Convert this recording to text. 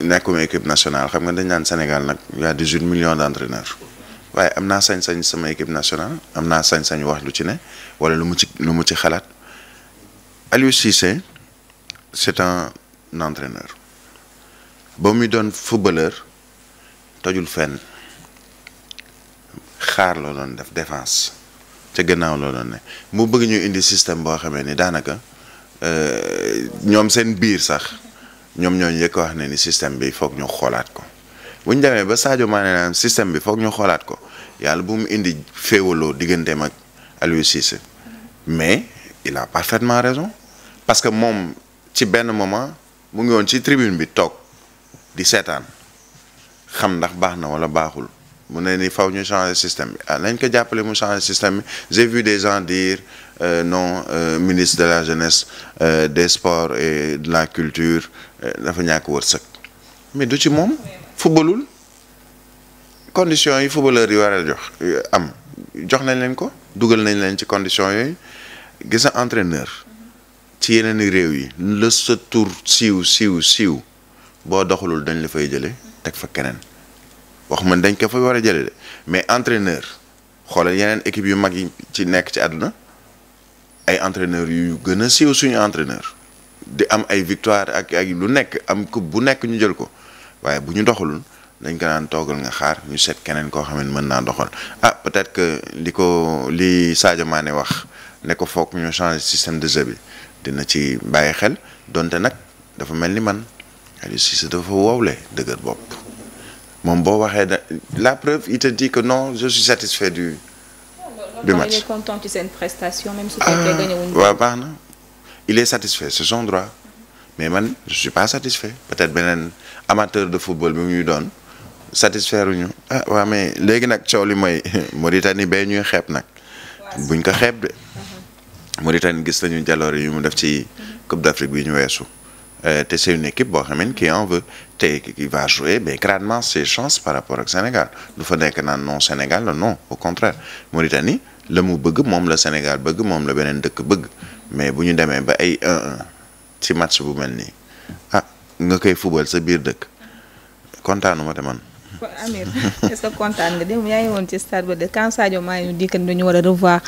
nekkuma équipe nationale xam nga dañ naan senegal nag y a 18 millions d'entraîneurs waaye am naa sañ-sañ sama équipe nationale am naa sañ-sañ wax lu ci ne wala lu mu ci lu mu ci xalaat Aliou Cissé c'est un entraîneur ba muy doon footballeur tojul fenn xaar loo def defense ca gannaaw loo doon ne mu bëgg ñu indi système boo xamee ni daanaka euh, ñoom seen biir sax. ñoom ñoo njëkk wax ne ni système bi foog ñu xoolaat ko bu ñu demee ba Sadio Mané naan système bi foog ñu xoolaat ko yàlla bu mu indi féewaloo digganteem ak Aliou Cissé mais il a parfaitement raison parce que moom ci benn moment mu ngi woon ci tribune bi toog di seetaan xam ndax baax na wala baaxul. mu ne ni faw ñu changer système bi que ah, nañ ko mon mu changer système j'ai vu des gens dire euh, non euh, ministre de la jeunesse euh, des sports et de la culture euh, dafa ñàkk wërsëg mais du ci moom Footballul? conditions yi footballeur yi war a jox euh, am jox nañ leen ko dugal nañ leen ci conditions yooyu gis un entraîneur ci yeneen i réew yi la tour, tur siiw siiw siiw boo doxalul dañ la fay jële teg fa keneen wax man dañ ko fa war a jële de mais entraîneur xoolal yeneen équipe yu mag yi ci nekk ci àdduna ay entraîneur yu gën a siiw suñu entraîneur di am ay victoire ak ak lu nekk am ku bu nekk ñu jël ko waaye bu ñu doxalul dañ ko naan toogal nga xaar ñu seet keneen koo xam ne mën naa doxal ah peut-être que li ko li Sadio Mané wax ne ko foog ñu changer système de jeu bi dina ci bàyyi xel donte nag dafa mel ni man Aliou Cissé dafa wowle dëgër bopp Mon beau, la preuve il te dit que non je suis satisfait du. du match il est content ci une prestation même si as ah, gagné une waaw il est satisfait c'est son droit mais moi, je suis pas satisfait peut-être un amateur de football mais ñuy donne satisfaire ñu ah waaw mais léegi nag coow li mooy Mauritanie bee ñuy xeeb nag buñ ko xeeb mhm. Mauritanie gis nañu jaloore yu def ci mhm. Coupe d'Afrique bi ñu euh, c'est une équipe bohemienne qui en veut. qui va jouer ben, grandement ses chances par rapport au Sénégal. Nous faisons que non Sénégal, non, au contraire. Mauritanie, le mou bëgg mom le Sénégal bëgg mom le benen dëkk bëgg. Mais bu ñu démé ba ay 1-1 ci match bu melni. Ah, nga koy football sa biir dëkk. Kontaanuma té man. Amir, est-ce que kontaan nous dem yaa ngi ci stade de Kansadio, nous Mané ñu dit que dañu war revoir